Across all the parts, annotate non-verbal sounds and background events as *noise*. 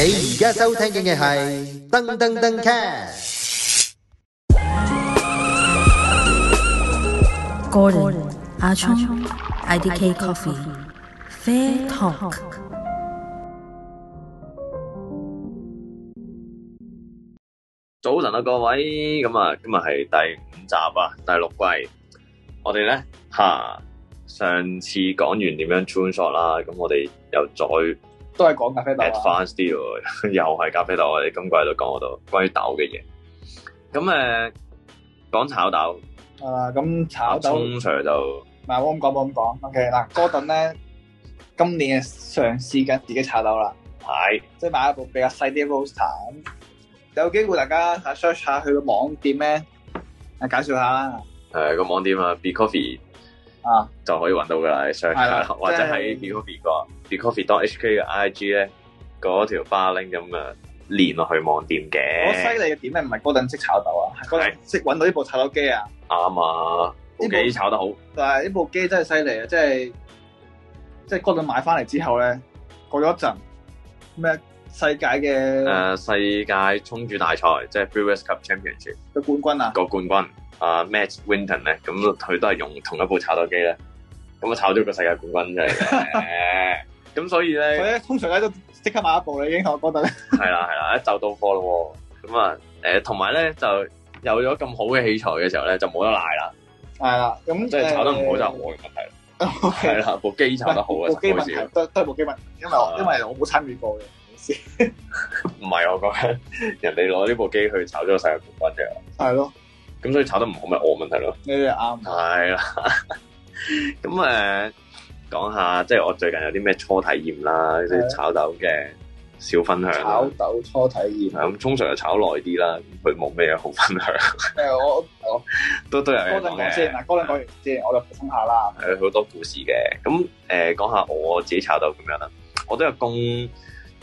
你而家收聽嘅係噔噔噔 cast 個人阿聰，IDK Coffee，Fair Talk。早晨啊各位，咁啊今日係第五集啊第六季，我哋咧吓，上次講完點樣穿梭啦，咁我哋又再。都係講咖啡豆 Advanced 啲又係咖啡豆、啊。我哋今季都講好多關於豆嘅嘢。咁誒講炒豆，啊咁、嗯嗯、炒豆通常就唔好咁講，唔好咁講。O K 嗱 Gordon 咧今年嘅嘗試緊自己炒豆啦，係是即係買一部比較細啲嘅 Roaster 有機會大家 search 下佢嘅網店咧，啊介紹下。啦、嗯。係、那個網店啊，Be Coffee。啊，就可以揾到噶啦 search，或者喺 B Coffee，B Coffee HK 嘅 IG 咧，嗰條 bar link 咁啊，連落去網店嘅。我犀利嘅點咩？唔係 Gordon 識炒豆啊，Gordon 識搵到呢部炒豆機啊。啱啊，呢部炒得好。但係呢部機真係犀利啊，即係即係 Gordon 買翻嚟之後咧，過咗一陣咩世界嘅誒世界沖煮大賽，即係 Brewers Cup Championship 嘅冠軍啊，個冠軍。啊 Matt Winton 咧，咁佢都係用同一部炒豆機咧，咁啊炒咗個世界冠軍啫，咁所以咧，佢通常咧都即刻買一部啦，已經同我哥等，係啦係啦，一就到貨咯，咁啊，誒，同埋咧就有咗咁好嘅器材嘅時候咧，就冇得賴啦，係啦，咁即係炒得唔好就我嘅問題，係啦，部機炒得好嘅部機都都係部機問題，因為我因為我冇參與過嘅，唔係我講，人哋攞呢部機去炒咗個世界冠軍嘅，係咯。咁所以炒得唔好咪我問題咯，你哋啱。係啦， *laughs* 咁、呃、誒講下，即係我最近有啲咩初體驗啦，啲、呃、炒豆嘅小分享。炒豆初體驗，咁、嗯、通常就炒耐啲啦，佢冇咩好分享。誒、呃，我我 *laughs* 都都有哥，哥完，你 *laughs* 講先嗱，哥你講我就補充下啦。係好 *laughs* 多故事嘅，咁誒、呃、講下我自己炒豆咁樣啦。我都有工，即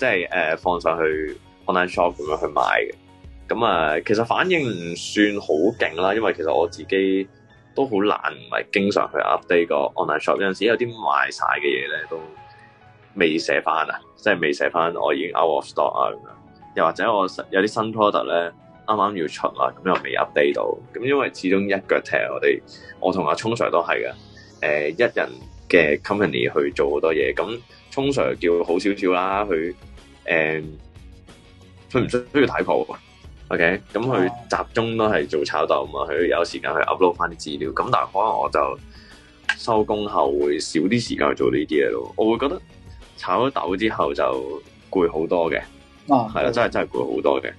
係誒、呃、放上去 online shop 咁樣去買嘅。咁啊，其實反應唔算好勁啦，因為其實我自己都好難，唔係經常去 update 個 online shop。有陣時有啲賣晒嘅嘢咧，都未寫翻啊，即係未寫翻我已經 out of stock 啊咁樣。又或者我有啲新 product 咧，啱啱要出啊，咁又未 update 到。咁因為始終一腳踢我哋，我同阿聰 Sir 都係嘅。誒，一人嘅 company 去做好多嘢，咁聰 Sir 叫好少少啦。佢誒，佢唔需需要睇鋪。OK，咁佢集中都係做炒豆嘛，佢、啊、有時間去 upload 翻啲資料。咁但係可能我就收工後會少啲時間去做呢啲嘢咯。我會覺得炒咗豆之後就攰好多嘅，係啦、啊的，真係真係攰好多嘅。誒、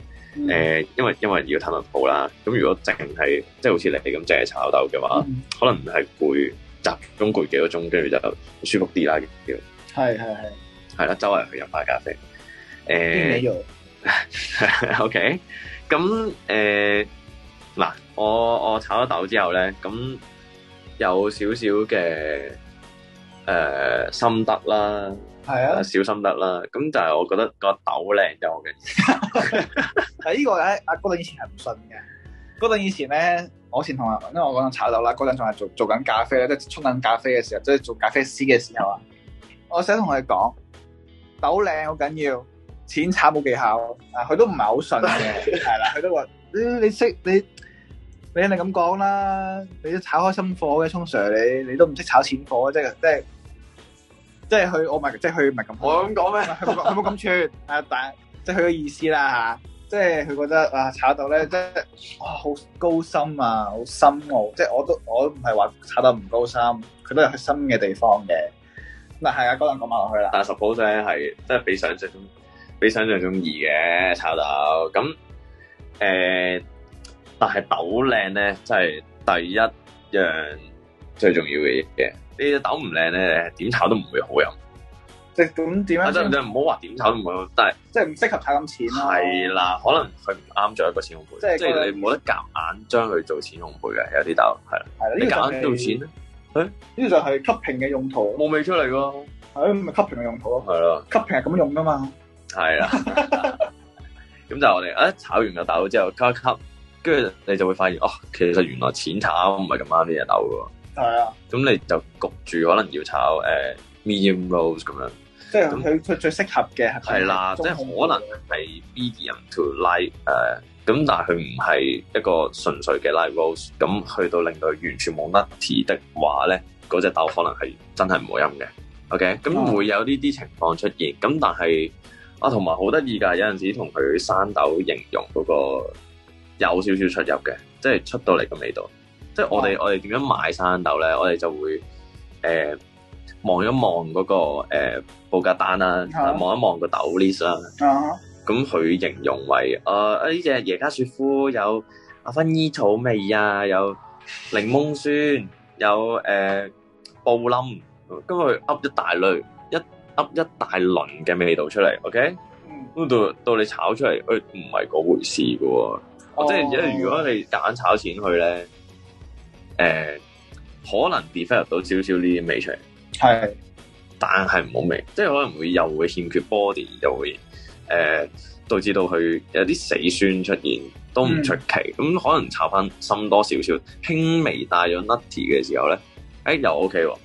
嗯，因為因為要睇温鋪啦。咁如果淨係即係好似你咁淨係炒豆嘅話，嗯、可能唔係攰集中攰幾個鐘，跟住就舒服啲啦。要係係係係啦，周圍去飲下咖啡。誒 *laughs* ，OK。咁誒，嗱、呃，我我炒咗豆之後咧，咁有少少嘅誒心得啦，係啊，啊，小心得啦。咁就係我覺得豆 *laughs* *laughs* 個豆靚就我嘅意思。喺呢個咧，阿 Gordon 以前係唔信嘅。Gordon 以前咧，我以前同阿，因為我講炒豆啦，Gordon 仲係做做緊咖啡咧，即係沖緊咖啡嘅時候，即係做咖啡師嘅時候啊， *laughs* 我想同佢講，豆靚好緊要。淺炒冇技巧啊！佢都唔係好信嘅，係啦， *laughs* 佢都話，你你識你，你肯定咁講啦！你都炒開深貨嘅，通常你你都唔識炒淺貨，即係即係即係佢，我咪即係佢咪咁。我咁講咩？佢冇咁串啊！但即係佢嘅意思啦嚇，即係佢覺得啊，炒到咧即係哇好高深啊，好深奧啊！即係我都我都唔係話炒到唔高深，佢都係去深嘅地方嘅。嗱係啊，嗰兩講埋落去啦。但係十鋪聲係真係俾上識比想象中易嘅炒豆，咁、欸、但係豆靚咧，真係第一樣最重要嘅嘢嘅。豆呢啲豆唔靚咧，點炒都唔會好飲。即係咁點樣？即係唔好話點炒都唔好，但係即係唔適合炒咁淺係、啊、啦，可能佢唔啱做一個淺烘焙。即係、那個、你冇得夾硬將佢做淺烘焙嘅，有啲豆係。係啦，呢夾硬做淺咧，誒呢就係吸平嘅用途，冇味出嚟咯。係咪吸平嘅用途？係咯，吸平係咁用噶嘛。係啦，咁、 *laughs* 啊、就我哋啊炒完個豆之後，加級跟住你就會發現哦，其實原來淺炒唔係咁啱呢隻豆噶。係啊，咁你就焗住可能要炒、uh, medium roast 咁樣，即係佢佢最適合嘅係啦，即係那、啊就是、可能係 medium to light 誒咁，但佢唔係一個純粹嘅 light roast 咁去到令到完全冇得鐵的話咧，嗰、那、隻、個、豆可能係真係唔好飲嘅。OK，咁會有呢啲情況出現，咁、嗯、但係。啊，同埋好得意㗎，有陣時同佢生豆形容嗰個有少少出入嘅，即係出到嚟嘅味道。即係我哋、啊、我哋點樣買生豆咧，我哋就會誒望、呃、一望嗰、嗰個誒報價單啦，望、啊啊、一望個豆 list 啦。咁佢、啊、形容為、就係呃、啊呢隻耶加雪夫有阿芬依草味啊，有檸檬酸，有誒、呃、布冧，咁佢噏一大類。噏一大輪嘅味道出嚟，OK？嗯、到到你炒出嚟，佢唔係嗰回事嘅喎、哦。哦、即係如果你夾炒錢去咧，誒、呃，可能 develop 到少少呢啲味道出嚟，係的，但係唔好味，即係可能會又會欠缺 body，又會誒、呃、導致到佢有啲死酸出現都唔出奇。咁、嗯嗯、可能炒翻深多少少，輕微帶咗 nutty 嘅時候咧，誒、欸、又 OK 喎，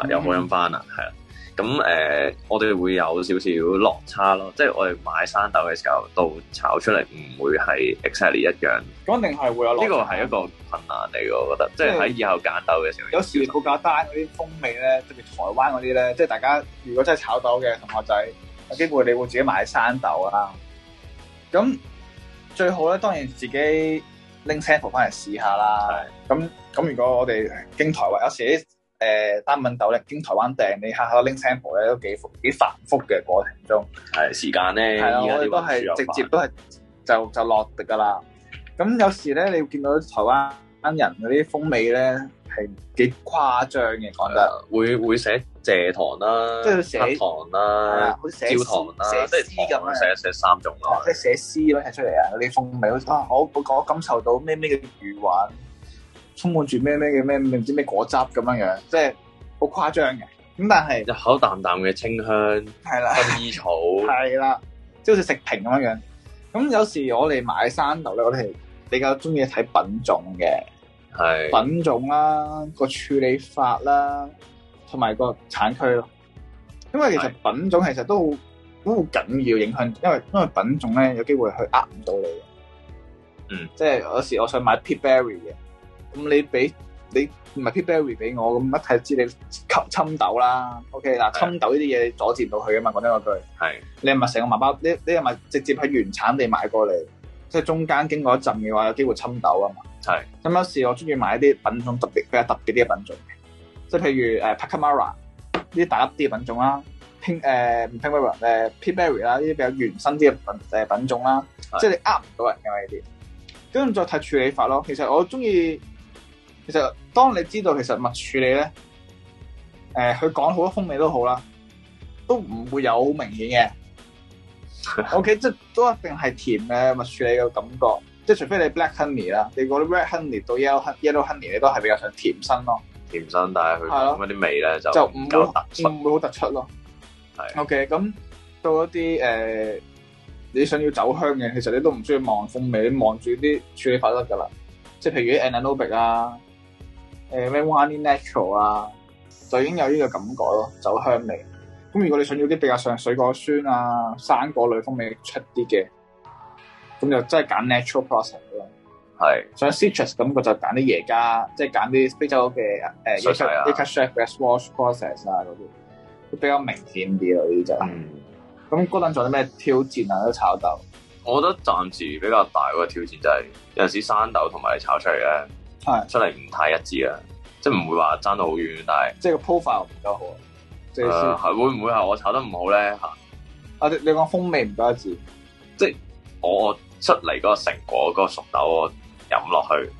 啊又好飲翻啊，係啊、嗯、～咁誒、呃，我哋會有少少落差咯，即係我哋買生豆嘅時候，到炒出嚟唔會係 exactly 一樣。咁定係會有落差。呢個係一個困難嚟嘅，我覺得。為即係喺以後揀豆嘅時候。有時副較單嗰啲風味咧，特別台灣嗰啲咧，即係大家如果真係炒豆嘅同學仔，有機會你會自己買生豆啦。咁最好咧，當然自己拎 sample 翻嚟試下啦。咁咁的，如果我哋經台話有時誒單品豆咧，經台灣訂你下下拎 sample 咧都幾繁複嘅過程中，係時間咧，係啦、啊，我哋都係直接都係就就落㗎啦。咁有時咧，你見到台灣人嗰啲風味咧係幾誇張嘅，講得會會寫蔗糖啦，黑糖啦、啊，焦糖啦，即係咁樣寫三種咯，即係寫詩咁寫出嚟啊！你風味好我我感受到咩咩嘅語彙。充滿住咩咩嘅咩唔知咩果汁咁樣樣，即係好誇張嘅。咁但係入口淡淡嘅清香，係啦薰衣草，係啦， *laughs* 即係好似食瓶咁樣樣。咁有時候我哋買山豆咧，我哋係比較中意睇品種嘅，係是品種啦，個處理法啦，同埋個產區咯。因為其實品種其實都都好緊要，影響，因為因為品種咧有機會去呃唔到你。嗯，即係有時候我想買 pit berry 嘅。咁你俾你唔係 peaberry 俾我，咁一睇知道你係侵豆啦。O K 嗱，侵豆呢啲嘢阻截唔到佢噶嘛。講真嗰句，係的你係咪成個麻包？你你係咪直接喺原產地買過嚟？即係中間經過一陣嘅話，有機會侵豆啊嘛。係咁有時我中意買啲品種特別比較特別啲嘅品種嘅，即係譬如誒 Pacamara 呢啲大粒啲嘅品種啦、呃、peaberry 啦，呢啲比較原生啲嘅品誒品種啦，即係的你呃唔到人嘅呢啲。跟住再睇處理法咯，其實我中意。其實，當你知道其實蜜處理咧，誒、呃，佢講好多風味都好啦，都唔會有好明顯嘅。 *laughs* o、okay, K，即都一定係甜嘅蜜處理嘅感覺，即除非你 black honey 啦，你嗰啲 red honey 到 yellow honey，yellow honey 你都係比較想甜身咯。甜身，但係佢嗰啲味咧、啊、就唔會好突出，唔會好突出咯。O K，咁到一啲誒、呃，你想要走香嘅酒香，其實你都唔需要望風味，你望住啲處理法得㗎啦。即譬如 Anaerobic 啊。誒咩 one in natural 啊，就已經有呢個感覺咯，酒香味。咁如果你想要啲比較上水果酸啊、生果類風味出啲嘅，咁就真係揀 natural process 咯。係是。想 citrus 感覺就揀啲椰加，即係揀啲非洲嘅誒，即刻即 e shake wash process 啊嗰啲，都比較明顯啲咯呢啲就。咁嗰陣做啲咩挑戰啊？都炒豆。我覺得暫時比較大嗰個挑戰就係有陣時生豆同埋炒出嚟咧。是出嚟唔太一致啊，即係唔會話爭到好遠，但係即係個 profile 唔夠好。即誒、呃，會唔會係我炒得唔好咧？吓，啊，你講風味唔一致，即係我出嚟嗰個成果，嗰、那個熟豆我飲落去，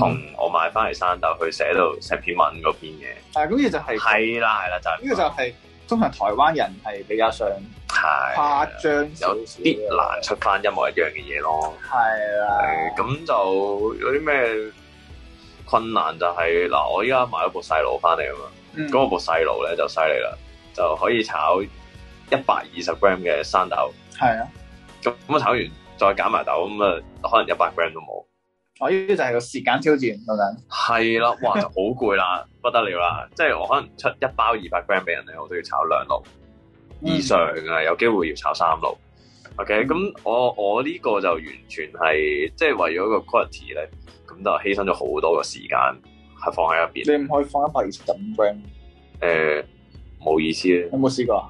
同、嗯、我買翻嚟生豆去寫到成篇文嗰邊嘅。係，咁呢就係、這個。係啦，係啦，就呢、是這個就係、是、通常台灣人係比較上誇張，有啲難出翻一模一樣嘅嘢咯。係啦的，咁就有啲咩？困難就係、是、嗱，我依家買咗部細爐翻嚟啊嘛，嗰、嗯、部細爐咧就犀利啦，就可以炒一百二十 gram 嘅生豆。係啊的，咁咁啊炒完再減埋豆，咁啊可能一百 gram 都冇。我呢啲就係個時間挑戰，老豆。係啦，哇，好攰啦， *laughs* 不得了啦！即、就、係、是、我可能出一包二百 gram 俾人咧，我都要炒兩爐以上啊，有機會要炒三爐。O.K. 咁、嗯、我我呢個就完全係即係為咗個 quality 咧，咁就犧牲咗好多個時間係放喺入邊。你唔可以放一百五 gram？誒，冇意思啦。你有冇試過啊？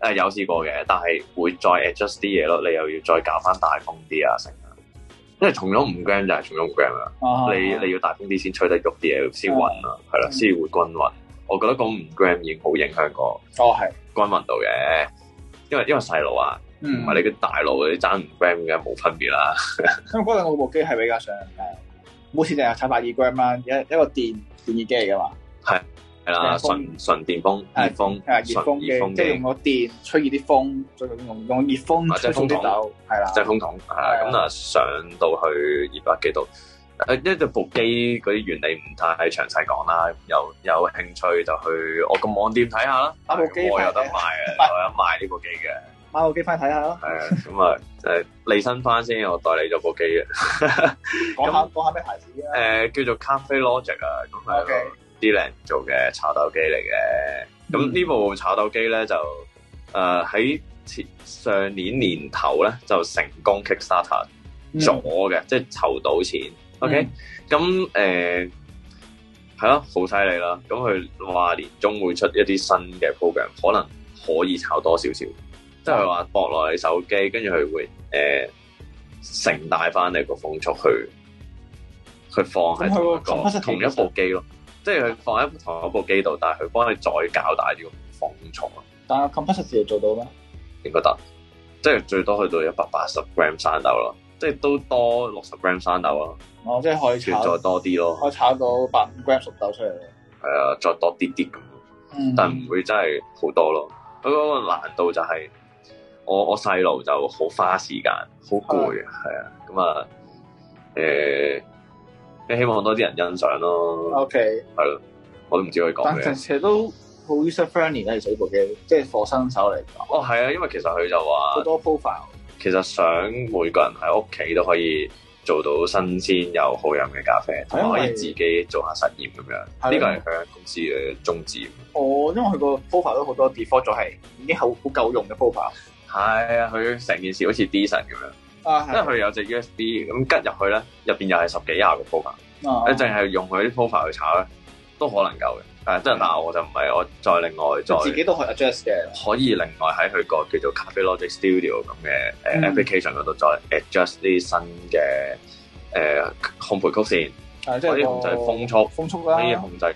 誒、嗯，有試過嘅，但係會再 adjust 啲嘢咯。你又要再搞翻大風啲啊，成啊！因為重咗唔 gram 就係重咗 gram 啦。嗯、你你要大風啲先吹得喐啲，嘢，先混啊，係啦，先會均勻。嗯、我覺得咁唔 gram 已經好影響個。哦，係均勻到嘅，因為因為細路啊。唔係你啲大陸你啲爭五 g 嘅冇分別啦。咁嗰陣我部機係比較上誒，冇事成日踩百二 gram 一一個電電熱機嚟噶嘛。係係啦，純純電風熱風熱風熱即係用個電吹熱啲風，用用熱風吹風啲係啦，即係風筒係咁啊上到去二百幾度，誒，呢部機嗰啲原理唔太詳細講啦。有有興趣就去我個網店睇下啦。部機我有得賣，我有得賣呢部機嘅。買部機翻睇下咯，係啊，咁啊，誒，利申翻先，我代理咗部機嘅。 *laughs* 講 *laughs* 那下講下咩牌子啊？呃、叫做 Cafe Logic 啊，咁係咯，啲靚做嘅炒豆機嚟嘅。咁呢、嗯、部炒豆機咧，就誒喺、呃、上年年頭咧就成功 Kick Start 咗嘅，嗯、即係籌到錢。O K. 咁誒係咯，好犀利啦。咁佢話年終會出一啲新嘅 program，可能可以炒多少少。即係話駁落你手機，跟住佢會誒承帶翻你個風速去去放喺同， *music* 同一部機咯， *music* 即係佢放喺同一部機度，但係佢幫你再搞大啲個風速咯。但係 compressor 做到咩？應該得，即係最多去到一百八十 gram 山豆咯，即係都多六十 gram 山豆咯。哦，即係可以再多啲咯，我炒到八五 gram 十豆出嚟。係啊，再多啲啲咁，但係唔會真係好多咯。嗰個難度就係、是。我我細路就好花時間，好攰，係啊，咁啊，誒、嗯，希望多啲人欣賞咯。OK，係咯、啊，我都唔知佢講是。但、啊、其實都好 user friendly 咧，部就是、手部機，即係貨新手嚟講。哦，係啊，因為其實佢就話好多 profile 其實想每個人喺屋企都可以做到新鮮又好飲嘅咖啡，同埋為可以自己做下實驗咁、啊、樣。呢、呢個係佢公司嘅宗旨。哦，因為佢個 profile 都好多 default 咗係已經好好夠用嘅 profile 係啊，佢成件事好似 D 神咁樣，啊、因為佢有隻 USB 咁吉入去咧，入邊又係十幾廿個 profile，你淨係用佢啲 profile 去炒咧，都可能夠嘅。誒，即係但係我就唔係，我再另外再自己都可以 adjust 嘅，可以另外喺佢個叫做 CafeLogic Studio 咁嘅誒 application 嗰度、嗯、再 adjust 啲新嘅誒、呃、烘焙曲線，啊、即可以控制風速，風速啦，可以控制個誒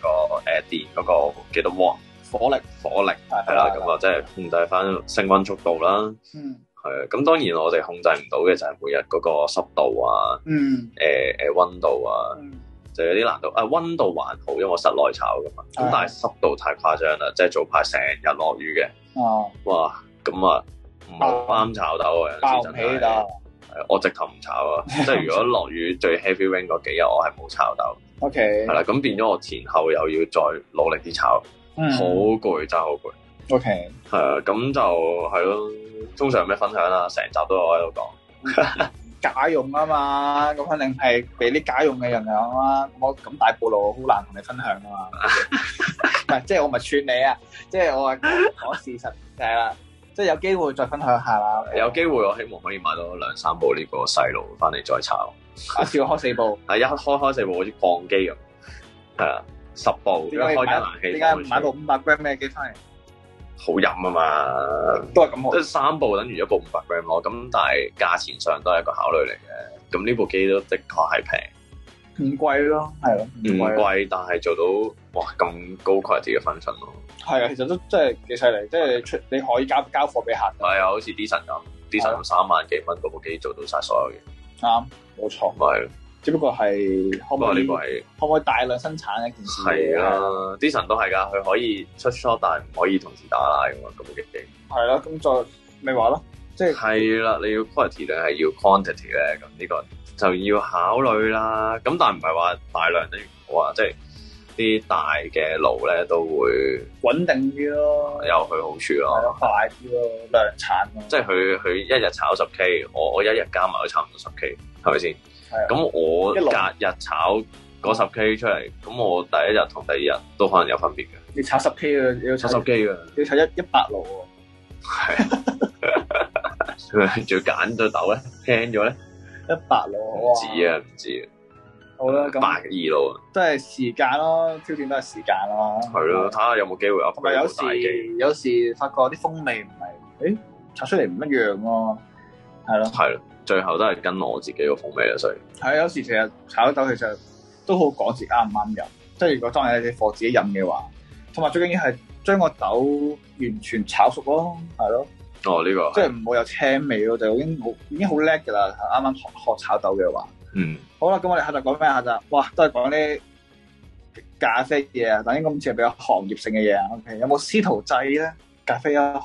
電嗰個幾多瓦。火力火力係啦，咁啊，即係控制翻升溫速度啦。嗯，係啊。咁當然我哋控制唔到嘅就係每日嗰個濕度啊。嗯。誒誒，溫度啊，就有啲難度。誒，溫度還好，因為我室內炒噶嘛。咁但係濕度太誇張啦，即係早排成日落雨嘅。哦。哇，咁啊，唔好翻炒豆啊。有時真係我直頭唔炒啊，即係如果落雨最 heavy rain 嗰幾日，我係冇炒豆。OK。係啦，咁變咗我前後又要再努力啲炒。好攰、嗯、真係好攰。OK，係啊，咁就係咯。通常有咩分享啦？成集都有我喺度講假用啊嘛，咁 *laughs* 肯定係俾啲假用嘅人講啦。我咁大步路好難同你分享啊嘛。係 Okay. *laughs* 即係我咪串你啊，即係我話講事實係啦， *laughs* 即係有機會再分享下啦。有機會我希望可以買到兩三部呢個細路翻嚟再炒。啊，只我開四部，係一開開四部好似撞機咁，係啊。十部，點解開架冷氣，而家買部五百 gram 咩機翻嚟，好飲啊嘛，都係咁好。即係三部等於一部五百 gram 咯。咁但係價錢上都係一個考慮嚟嘅。咁呢部機都的確係平，唔貴咯，係咯，唔貴，貴，但係做到哇咁高 quality 嘅 function 咯。係啊，其實都真係幾犀利，即係出你可以交交貨俾客人。係啊，好似 Dison 咁，Dison 用三萬幾蚊嗰部機做到晒所有嘢，啱，冇錯，係。只不過係，不過呢個係可唔可以大量生產一件事嚟，係啊，Dison 都係㗎，佢可以出 shot 但唔可以同時打啦。咁嘅嘅。係啦、啊，咁再咩話咯？即係係啦，你要 quality 咧，係要 quantity 咧，咁呢個就要考慮啦。咁但唔係話大量啲話即係啲大嘅爐咧都會穩定啲咯，有佢好處咯，快啲咯，量產咯。即係佢佢一日炒十 K，我我一日加埋都差唔多十 K，係咪先？嗯咁我隔日炒嗰十 K 出嚟，咁我第一日同第二日都可能有分別嘅。你炒十 K 啊？你要炒十 K 啊？你炒一一百路喎。係啊，仲揀咗豆咧，輕咗咧。一百六，唔知啊，唔知啊。好啦，咁百二六啊。都係時間咯，挑戰都係時間咯。係咯，睇下有冇機會有翻個大機。有時有時發覺啲風味唔係，誒，炒出嚟唔一樣喎。係咯，係咯，係啦，最後都係跟我自己個風味咯，所以。係啊，有時成日炒豆其實都好講自己啱唔啱飲，即係如果當係啲貨自己飲嘅話，同埋最緊要係將個豆完全炒熟咯，係咯。哦，呢個。即係唔會有青味咯，就已經好已經好叻㗎啦！啱啱學學炒豆嘅話。嗯好了。好啦，咁我哋下集講咩下集？哇，都係講啲咖啡嘅嘢，但應該好似係比較行業性嘅嘢啊。OK，有冇師徒制咧咖啡一行？